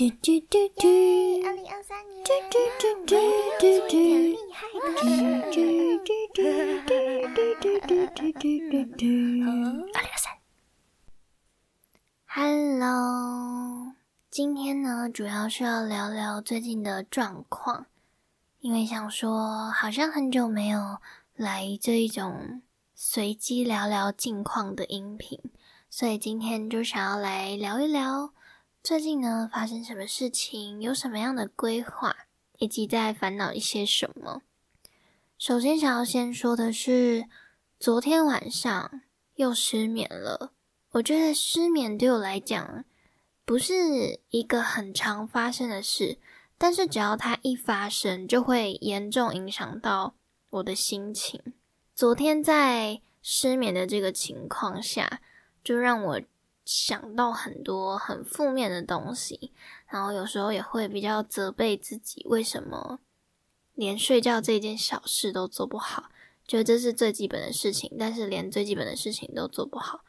嘟嘟嘟嘟，二零二三年， 我要變得厲害起來。嘟嘟嘟嘟嘟嘟嘟嘟嘟嘟，二零二三。 Hello，今天呢，主要是要聊聊最近的狀況，因為想說好像很久沒有來這一種隨機聊聊近況的音頻，所以今天就想要來聊一聊。最近呢，發生什麼事情？有什麼樣的規劃？以及在煩惱一些什麼？首先想要先說的是，昨天晚上又失眠了。我覺得失眠對我來講不是一個很常發生的事，但是只要它一發生，就會嚴重影響到我的心情。昨天在失眠的這個情況下，就讓我……想到很多很負面的東西，然後有時候也會比較責備自己，為什麼連睡覺這件小事都做不好？覺得這是最基本的事情，但是連最基本的事情都做不好，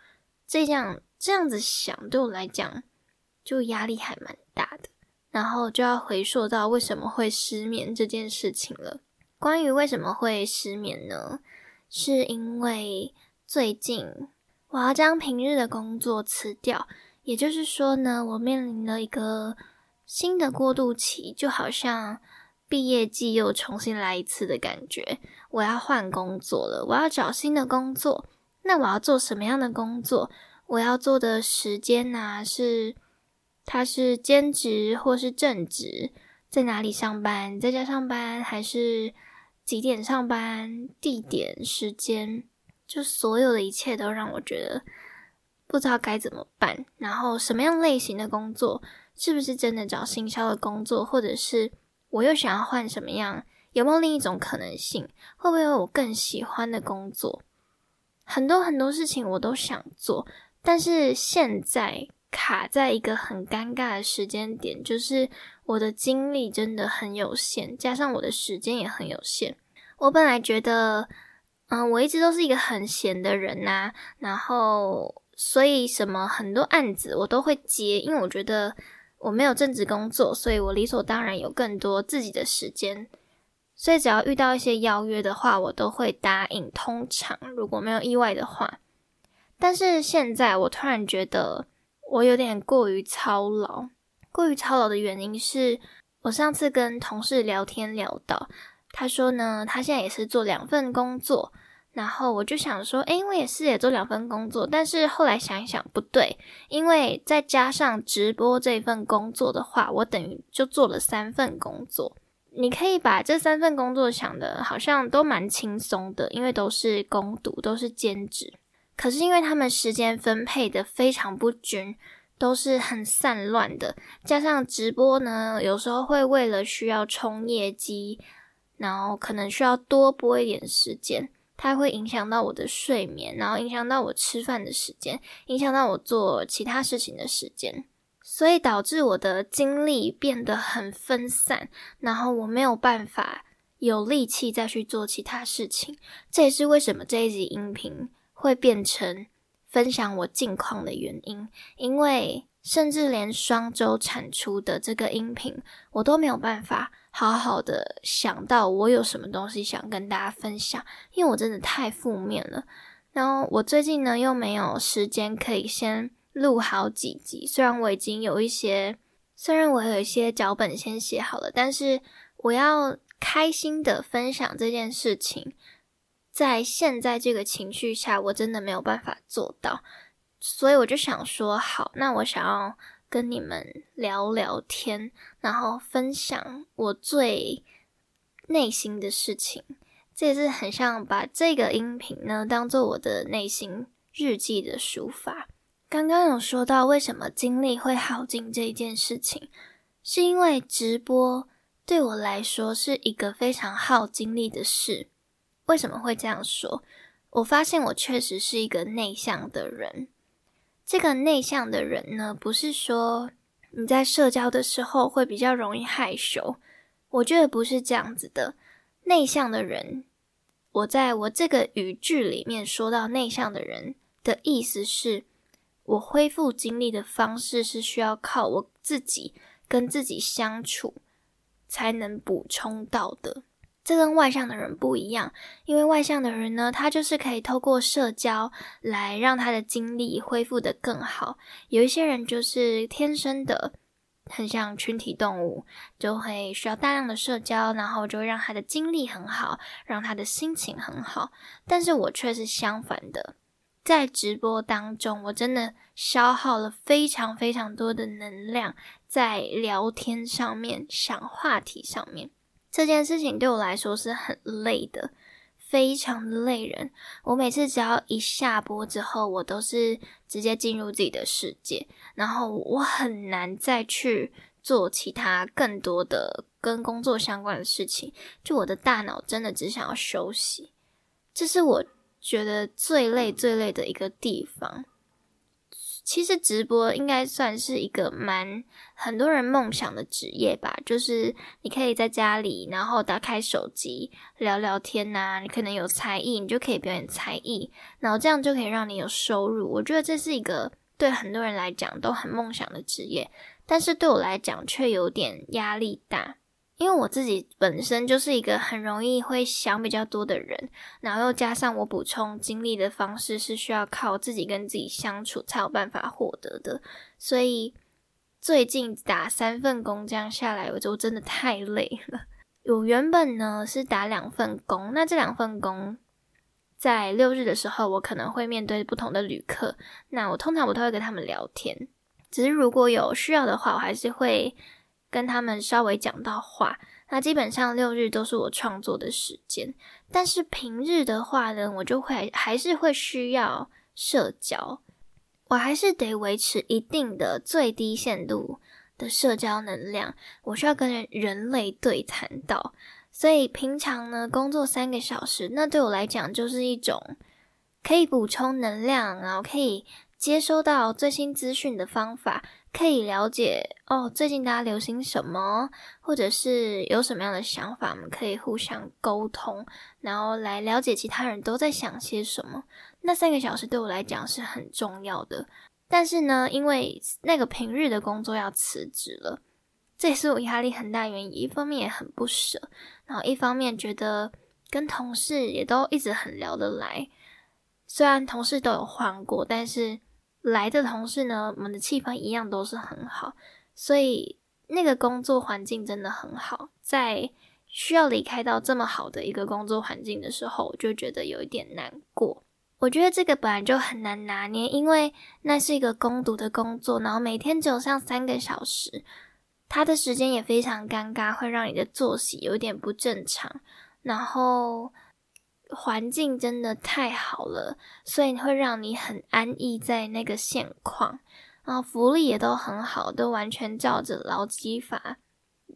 這樣這樣子想對我來講就壓力還蠻大的。然後就要回溯到為什麼會失眠這件事情了。關於為什麼會失眠呢？是因為最近，我要將平日的工作辭掉，也就是說呢，我面臨了一個新的過渡期，就好像畢業季又重新來一次的感覺。我要換工作了，我要找新的工作。那我要做什麼樣的工作？我要做的時間呢、啊？是他是兼職或是正職？在哪裡上班？在家上班還是幾點上班？地點、時間。就所有的一切都讓我覺得不知道該怎麼辦，然後什麼樣類型的工作，是不是真的找行銷的工作，或者是我又想要換什麼樣？有沒有另一種可能性？會不會有我更喜歡的工作？很多很多事情我都想做，但是現在卡在一個很尷尬的時間點，就是我的精力真的很有限，加上我的時間也很有限。我本來覺得。嗯，我一直都是一個很閒的人吶、啊，然後所以什麼很多案子我都會接，因為我覺得我沒有正職工作，所以我理所當然有更多自己的時間，所以只要遇到一些邀約的話，我都會答應，通常如果沒有意外的話。但是現在我突然覺得我有點過於操勞，過於操勞的原因是，我上次跟同事聊天聊到，他說呢，他現在也是做兩份工作。然後我就想說，哎，我也是也做兩份工作，但是後來想一想不對，因為再加上直播這份工作的話，我等於就做了三份工作。你可以把這三份工作想的好像都蠻輕鬆的，因為都是工讀，都是兼職。可是因為他們時間分配的非常不均，都是很散亂的，加上直播呢，有時候會為了需要衝業績，然後可能需要多播一點時間。它會影響到我的睡眠，然後影響到我吃飯的時間，影響到我做其他事情的時間，所以導致我的精力變得很分散，然後我沒有辦法有力氣再去做其他事情。這也是為什麼這一集音頻會變成分享我近況的原因，因為甚至連雙週產出的這個音頻，我都沒有辦法好好的想到我有什麼東西想跟大家分享，因為我真的太負面了。然後我最近呢又沒有時間可以先錄好幾集，雖然我已經有一些，雖然我有一些腳本先寫好了，但是我要開心的分享這件事情，在現在這個情緒下，我真的沒有辦法做到，所以我就想說，好，那我想要跟你們聊聊天，然後分享我最內心的事情，這也是很像把這個音頻呢當做我的內心日記的抒發，剛剛有說到為什麼精力會耗盡這一件事情，是因為直播對我來說是一個非常耗精力的事。為什麼會這樣說？我發現我確實是一個內向的人。這個內向的人呢，不是說你在社交的時候會比較容易害羞，我覺得不是這樣子的。內向的人，我在我這個語句裡面說到內向的人的意思是，我恢復精力的方式是需要靠我自己跟自己相處才能補充到的。這跟外向的人不一樣，因為外向的人呢，他就是可以透過社交來讓他的精力恢復得更好。有一些人就是天生的，很像群體動物，就會需要大量的社交，然後就會讓他的精力很好，讓他的心情很好。但是我卻是相反的，在直播當中，我真的消耗了非常非常多的能量在聊天上面、想話題上面。這件事情對我來說是很累的，非常累人。我每次只要一下播之後，我都是直接進入自己的世界，然後我很難再去做其他更多的跟工作相關的事情，就我的大腦真的只想要休息。這是我覺得最累最累的一個地方。其實直播應該算是一個蠻很多人夢想的職業吧，就是你可以在家裡，然後打開手機聊聊天吶，你可能有才藝，你就可以表演才藝，然後這樣就可以讓你有收入。我覺得這是一個對很多人來講都很夢想的職業，但是對我來講卻有點壓力大。因為我自己本身就是一個很容易會想比較多的人，然後又加上我補充精力的方式是需要靠自己跟自己相處才有辦法獲得的，所以最近打三份工這樣下來，我就真的太累了。我原本呢是打兩份工，那這兩份工在六日的時候，我可能會面對不同的旅客，那我通常我都會跟他們聊天，只是如果有需要的話，我還是會。跟他們稍微講到話，那基本上六日都是我創作的時間。但是平日的話呢，我就會還是會需要社交，我還是得維持一定的最低限度的社交能量。我需要跟人人類對談到，所以平常呢，工作三個小時，那對我來講就是一種可以補充能量啊，然後可以接收到最新資訊的方法。可以了解哦，最近大家流行什麼，或者是有什麼樣的想法，我們可以互相溝通，然後來了解其他人都在想些什麼。那三個小時對我來講是很重要的，但是呢，因為那個平日的工作要辭職了，這也是我壓力很大原因。一方面也很不舍，然後一方面覺得跟同事也都一直很聊得來，雖然同事都有換過，但是。來的同事呢，我們的氣氛一樣都是很好，所以那個工作環境真的很好。在需要離開到這麼好的一個工作環境的時候，我就覺得有一點難過。我覺得這個本來就很難拿捏，因為那是一個工讀的工作，然後每天只有上三個小時，他的時間也非常尷尬，會讓你的作息有點不正常，然後。環境真的太好了，所以會讓你很安逸在那個現況，然後福利也都很好，都完全照着勞基法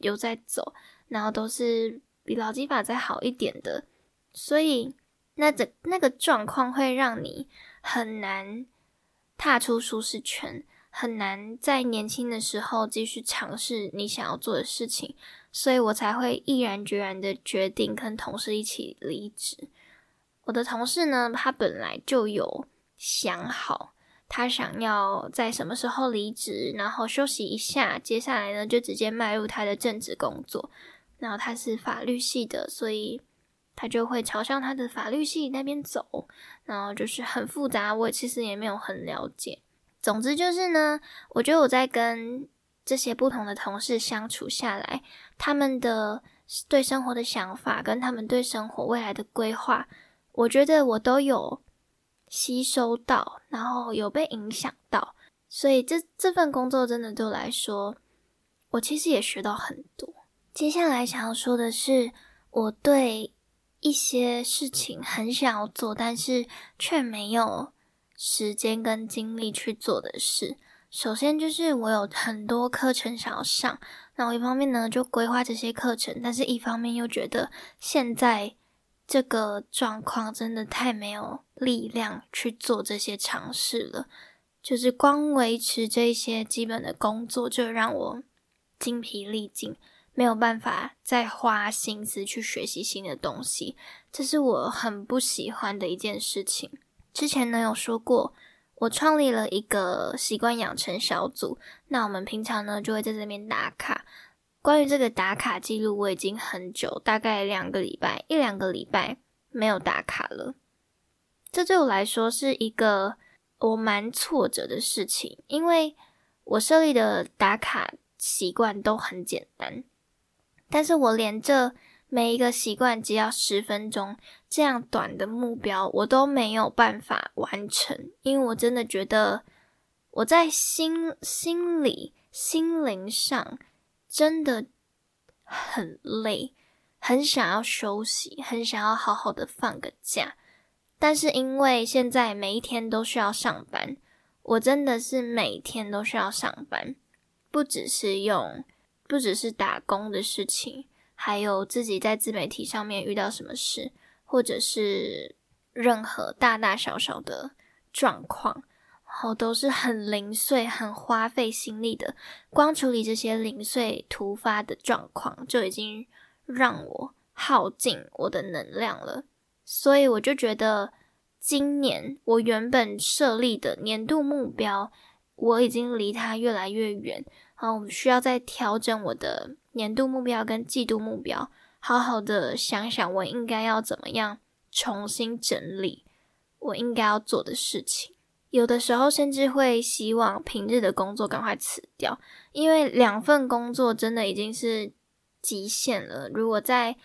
有在走，然後都是比勞基法再好一點的，所以那整、個、那個狀況會讓你很難踏出舒適圈，很難在年輕的時候繼續嘗試你想要做的事情，所以我才會毅然決然的決定跟同事一起離職。我的同事呢，他本來就有想好，他想要在什麼時候離職，然後休息一下，接下來呢就直接邁入他的正職工作。然後他是法律系的，所以他就會朝向他的法律系那邊走。然後就是很複雜，我其實也沒有很了解。總之就是呢，我覺得我在跟這些不同的同事相處下來，他們的對生活的想法跟他們對生活未來的規劃。我覺得我都有吸收到，然後有被影響到，所以這這份工作真的對我來說，我其實也學到很多。接下來想要說的是，我對一些事情很想要做，但是卻沒有時間跟精力去做的事。首先就是我有很多課程想要上，那我一方面呢就規劃這些課程，但是一方面又覺得現在。這個狀況真的太沒有力量去做這些嘗試了，就是光維持這些基本的工作就讓我精疲力盡，沒有辦法再花心思去學習新的東西，這是我很不喜歡的一件事情。之前呢有說過，我創立了一個習慣養成小組，那我們平常呢就會在這邊打卡。關於這個打卡記錄，我已經很久，大概兩個禮拜，一兩個禮拜沒有打卡了。這對我來說是一個我蠻挫折的事情，因為我設立的打卡習慣都很簡單，但是我連這每一個習慣只要十分鐘這樣短的目標，我都沒有辦法完成，因為我真的覺得我在心、心理、心靈上。真的很累，很想要休息，很想要好好的放個假。但是因為現在每一天都需要上班，我真的是每天都需要上班，不只是用，不只是打工的事情，還有自己在自媒體上面遇到什麼事，或者是任何大大小小的狀況。好，都是很零碎、很花費心力的。光處理這些零碎突發的狀況，就已經讓我耗盡我的能量了。所以我就覺得，今年我原本設立的年度目標，我已經離它越來越遠。好，我們需要再調整我的年度目標跟季度目標，好好的想想，我應該要怎麼樣重新整理我應該要做的事情。有的時候甚至會希望平日的工作趕快辭掉，因為兩份工作真的已經是極限了。如果再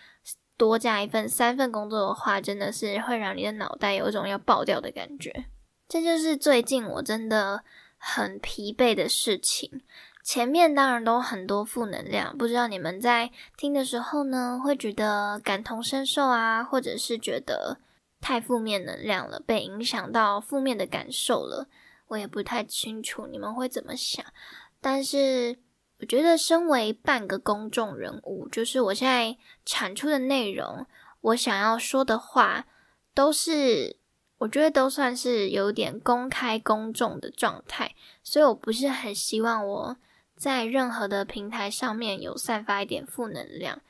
多加一份、三份工作的話，真的是會讓你的腦袋有一種要爆掉的感覺。這就是最近我真的很疲憊的事情。前面當然都很多負能量，不知道你們在聽的時候呢，會覺得感同身受啊，或者是覺得。太負面能量了，被影響到負面的感受了。我也不太清楚你們會怎麼想，但是我覺得身為半個公眾人物，就是我現在產出的內容，我想要說的話，都是我覺得都算是有點公開公眾的狀態，所以我不是很希望我在任何的平台上面有散發一點負能量。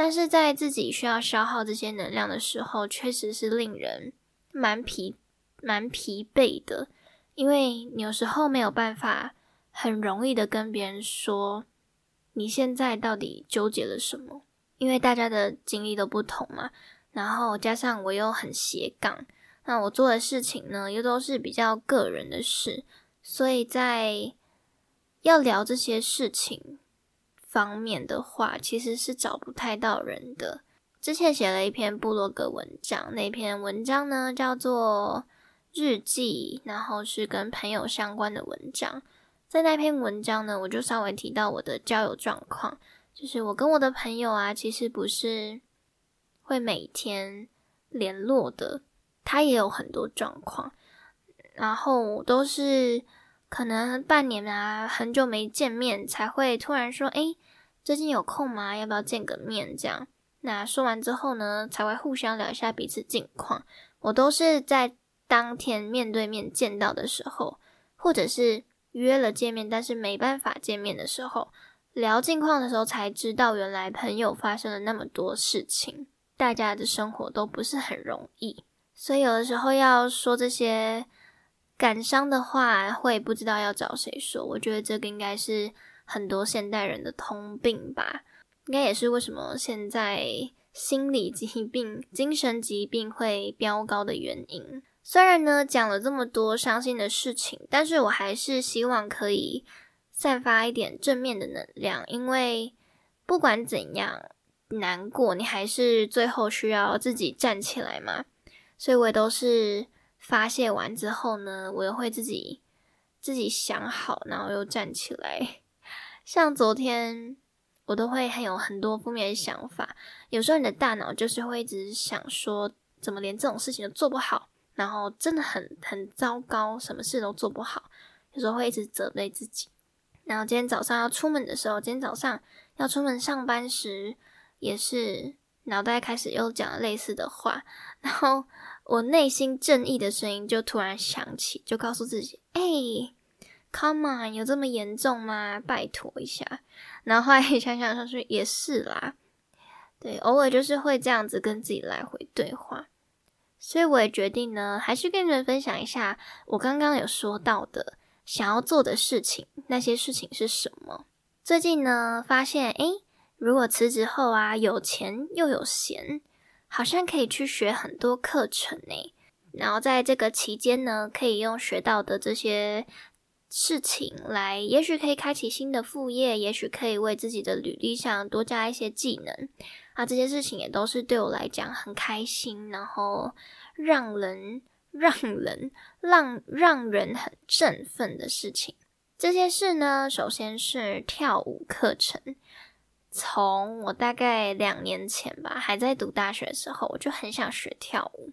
但是在自己需要消耗這些能量的時候，確實是令人蠻疲蠻疲憊的，因為你有時候沒有辦法很容易的跟別人說你現在到底糾結了什麼，因為大家的經歷都不同嘛。然後加上我又很斜槓，那我做的事情呢又都是比較個人的事，所以在要聊這些事情方面的話，其實是找不太到人的。之前寫了一篇部落格文章，那篇文章呢叫做日記，然後是跟朋友相關的文章。在那篇文章呢，我就稍微提到我的交友狀況，就是我跟我的朋友啊，其實不是會每天聯絡的，他也有很多狀況，然後我都是。可能半年啊，很久沒見面，才會突然說：“誒，最近有空嗎？要不要見個面？”這樣。那說完之後呢，才會互相聊一下彼此近況。我都是在當天面對面見到的時候，或者是約了見面，但是沒辦法見面的時候，聊近況的時候，才知道原來朋友發生了那麼多事情，大家的生活都不是很容易。所以有的時候要說這些。感傷的話會不知道要找誰說，我覺得這個應該是很多現代人的通病吧，應該也是為什麼現在心理疾病、精神疾病會飆高的原因。雖然呢講了這麼多傷心的事情，但是我還是希望可以散發一點正面的能量，因為不管怎樣難過，你還是最後需要自己站起來嘛。所以我也都是。發泄完之後呢，我又會自己自己想好，然後又站起來。像昨天，我都會還有很多負面的想法。有時候你的大腦就是會一直想說，怎麼連這種事情都做不好，然後真的很很糟糕，什麼事都做不好。有時候會一直責備自己。然後今天早上要出門的時候，今天早上要出門上班時，也是。腦袋開始又講類似的話，然後我內心正義的聲音就突然響起，就告訴自己：“欸，come on，有這麼嚴重嗎？拜託一下。”然後後來想想說也是啦，對，偶爾就是會這樣子跟自己來回對話。所以我也決定呢，還是跟你們分享一下我剛剛有說到的想要做的事情，那些事情是什麼？最近呢，發現誒如果辭職後啊，有錢又有閒，好像可以去學很多課程誒。然後在這個期間呢，可以用學到的這些事情來，也許可以開啟新的副業，也許可以為自己的履歷上多加一些技能啊。這些事情也都是對我來講很開心，然後讓人，讓人，讓，讓人很振奮的事情。這些事呢，首先是跳舞課程。從我大概兩年前吧，還在讀大學的時候，我就很想學跳舞。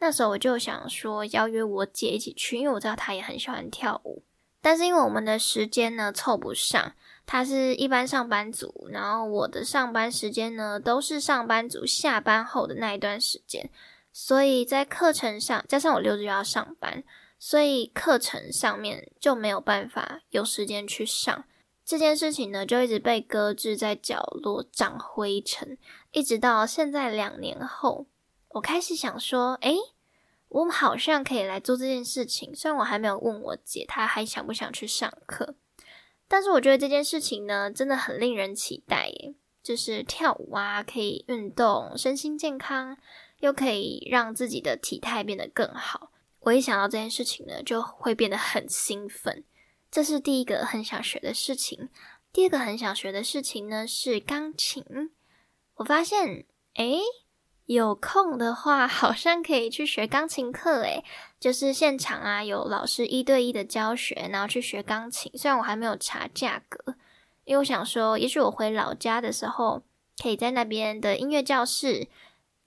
那時候我就想說，邀約我姐一起去，因為我知道她也很喜歡跳舞。但是因為我們的時間呢，湊不上，她是一般上班族，然後我的上班時間呢都是上班族下班後的那一段時間，所以在課程上加上我六日要上班，所以課程上面就沒有辦法有時間去上。這件事情呢，就一直被擱置在角落，長灰塵，一直到現在兩年後，我開始想說，誒，我好像可以來做這件事情。雖然我還沒有問我姐，她還想不想去上課，但是我覺得這件事情呢，真的很令人期待耶。就是跳舞啊，可以運動，身心健康，又可以讓自己的體態變得更好。我一想到這件事情呢，就會變得很興奮。這是第一個很想學的事情，第二個很想學的事情呢是鋼琴。我發現，誒，有空的話好像可以去學鋼琴課，誒，就是現場啊，有老師一對一的教學，然後去學鋼琴。雖然我還沒有查價格，因為我想說，也許我回老家的時候，可以在那邊的音樂教室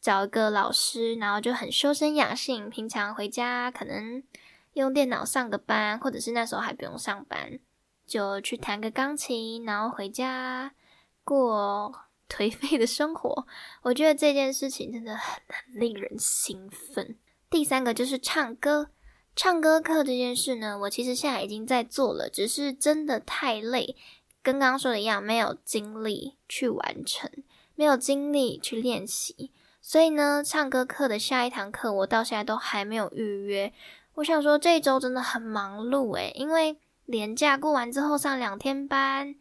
找一個老師，然後就很修身養性。平常回家可能，用電腦上個班，或者是那時候還不用上班，就去彈個鋼琴，然後回家過頹廢的生活。我覺得這件事情真的很令人興奮。第三個就是唱歌，唱歌課這件事呢，我其實現在已經在做了，只是真的太累，跟剛剛說的一樣，沒有精力去完成，沒有精力去練習，所以呢，唱歌課的下一堂課我到現在都還沒有預約。我想說，這一周真的很忙碌誒。因為連假過完之後上兩天班，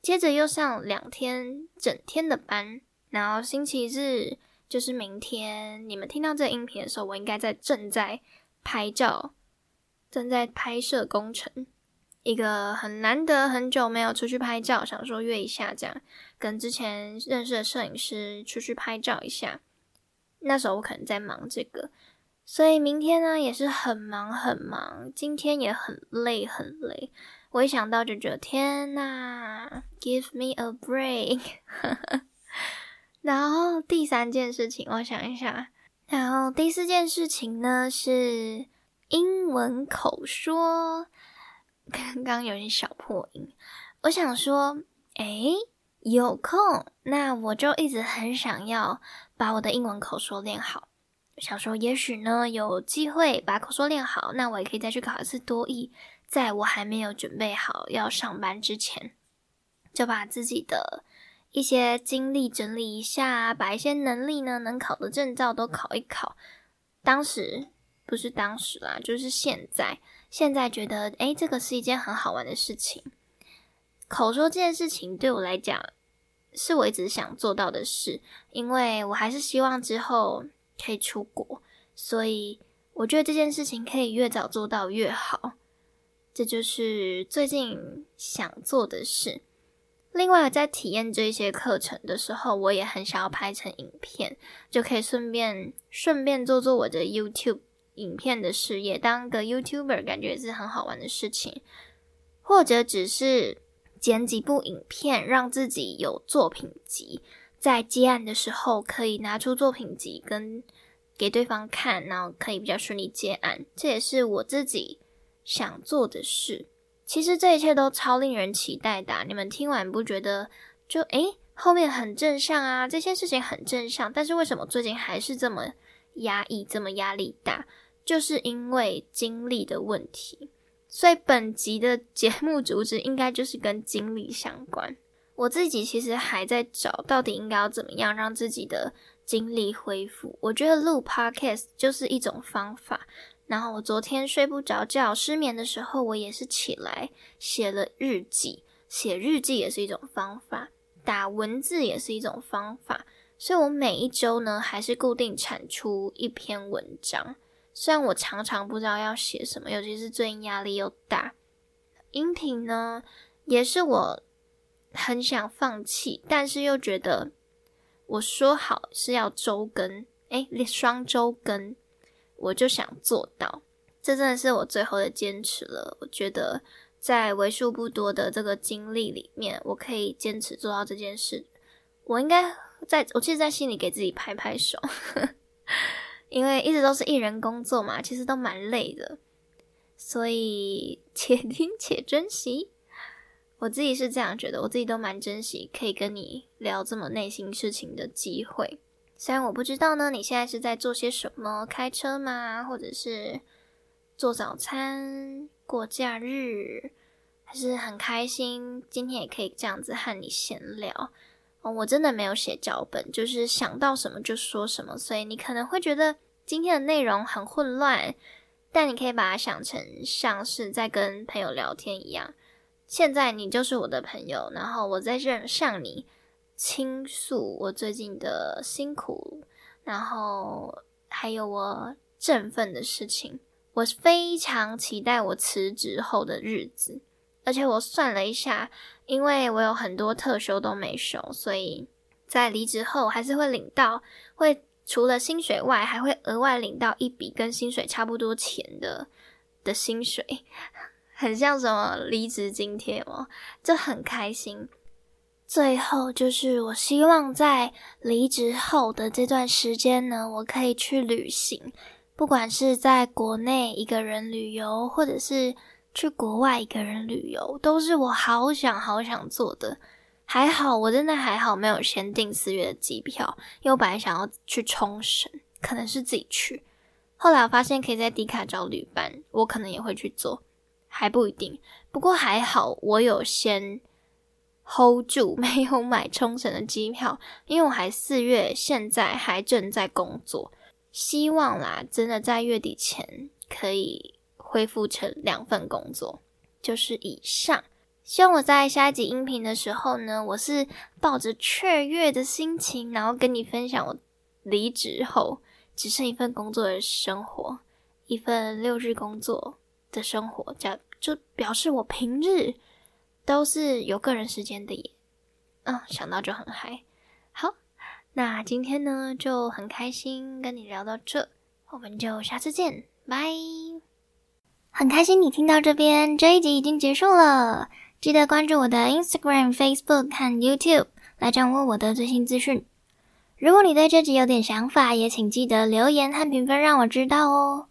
接着又上兩天整天的班，然後星期日就是明天。你們聽到這個音頻的時候，我應該在正在拍照，正在拍攝工程。一個很難得很久沒有出去拍照，想說約一下，這樣跟之前認識的攝影師出去拍照一下。那時候我可能在忙這個。所以明天呢也是很忙很忙，今天也很累很累。我一想到就覺得天哪，Give me a break。 然後第三件事情，我想一下。然後第四件事情呢是英文口說，剛剛有點小破音。我想說，哎，有空，那我就一直很想要把我的英文口說練好。想說，也許呢，有機會把口說練好，那我也可以再去考一次多益。在我還沒有準備好要上班之前，就把自己的一些經歷整理一下，把一些能力呢，能考的證照都考一考。當時不是當時啦，就是現在，現在覺得，誒，這個是一件很好玩的事情。口說這件事情對我來講，是我一直想做到的事，因為我還是希望之後。可以出國，所以我覺得這件事情可以越早做到越好。這就是最近想做的事。另外，在體驗這些課程的時候，我也很想要拍成影片，就可以順便順便做做我的 YouTube 影片的事業，當個 YouTuber，感覺是很好玩的事情。或者只是剪幾部影片，讓自己有作品集。在接案的時候，可以拿出作品集跟給對方看，然後可以比較順利接案。這也是我自己想做的事。其實這一切都超令人期待的，啊。你們聽完不覺得就誒、欸，後面很正向啊？這些事情很正向，但是為什麼最近還是這麼壓抑，這麼壓力大？就是因為精力的問題。所以本集的節目主旨應該就是跟精力相關。我自己其實還在找，到底應該要怎麼樣讓自己的精力恢復？我覺得錄 podcast 就是一種方法。然後我昨天睡不着覺、失眠的時候，我也是起來寫了日記，寫日記也是一種方法，打文字也是一種方法。所以我每一周呢，還是固定產出一篇文章。雖然我常常不知道要寫什麼，尤其是最近壓力又大，音頻呢，也是我。很想放棄，但是又覺得我說好是要周更，哎、欸，雙周更，我就想做到。這真的是我最後的堅持了。我覺得在為數不多的這個經歷裡面，我可以堅持做到這件事。我應該在我其實，在心裡給自己拍拍手，呵呵，因為一直都是一人工作嘛，其實都蠻累的。所以，且聽且珍惜。我自己是這樣覺得，我自己都蠻珍惜可以跟你聊這麼內心事情的機會。雖然我不知道呢，你現在是在做些什麼？開車嗎？或者是做早餐？過假日？還是很開心，今天也可以這樣子和你閒聊。哦，我真的沒有寫腳本，就是想到什麼就說什麼，所以你可能會覺得今天的內容很混亂，但你可以把它想成像是在跟朋友聊天一樣。現在你就是我的朋友，然後我在這向你傾訴我最近的辛苦，然後還有我振奮的事情。我非常期待我辭職後的日子，而且我算了一下，因為我有很多特休都沒休，所以在離職後還是會領到，會除了薪水外，還會額外領到一筆跟薪水差不多錢的的薪水。很像什麼離職津貼哦，就很開心。最後就是，我希望在離職後的這段時間呢，我可以去旅行，不管是在國內一個人旅遊，或者是去國外一個人旅遊，都是我好想好想做的。還好，我真的還好，沒有先訂四月的機票，因為我本來想要去沖繩，可能是自己去。後來我發現可以在迪卡找旅伴，我可能也會去做。還不一定，不過還好，我有先 hold 住，沒有買沖繩的機票，因為我還四月，現在還正在工作，希望啦，真的在月底前可以恢復成兩份工作，就是以上。希望我在下一集音頻的時候呢，我是抱着雀躍的心情，然後跟你分享我離職後只剩一份工作的生活，一份六日工作。的生活，就表示我平日都是有個人時間的耶。嗯，想到就很嗨。好，那今天呢，就很開心跟你聊到這。我們就下次見，拜。很開心你聽到這邊，這一集已經結束了。記得關注我的 Instagram、Facebook 和 YouTube 來掌握我的最新資訊。如果你對這集有點想法，也請記得留言和評分讓我知道哦。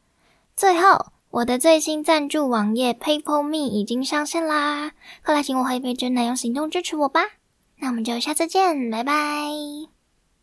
最後。我的最新贊助網頁 PayPal Me 已經上線啦！快來請我喝一杯珍奶，用行動支持我吧！那我們就下次見，拜拜。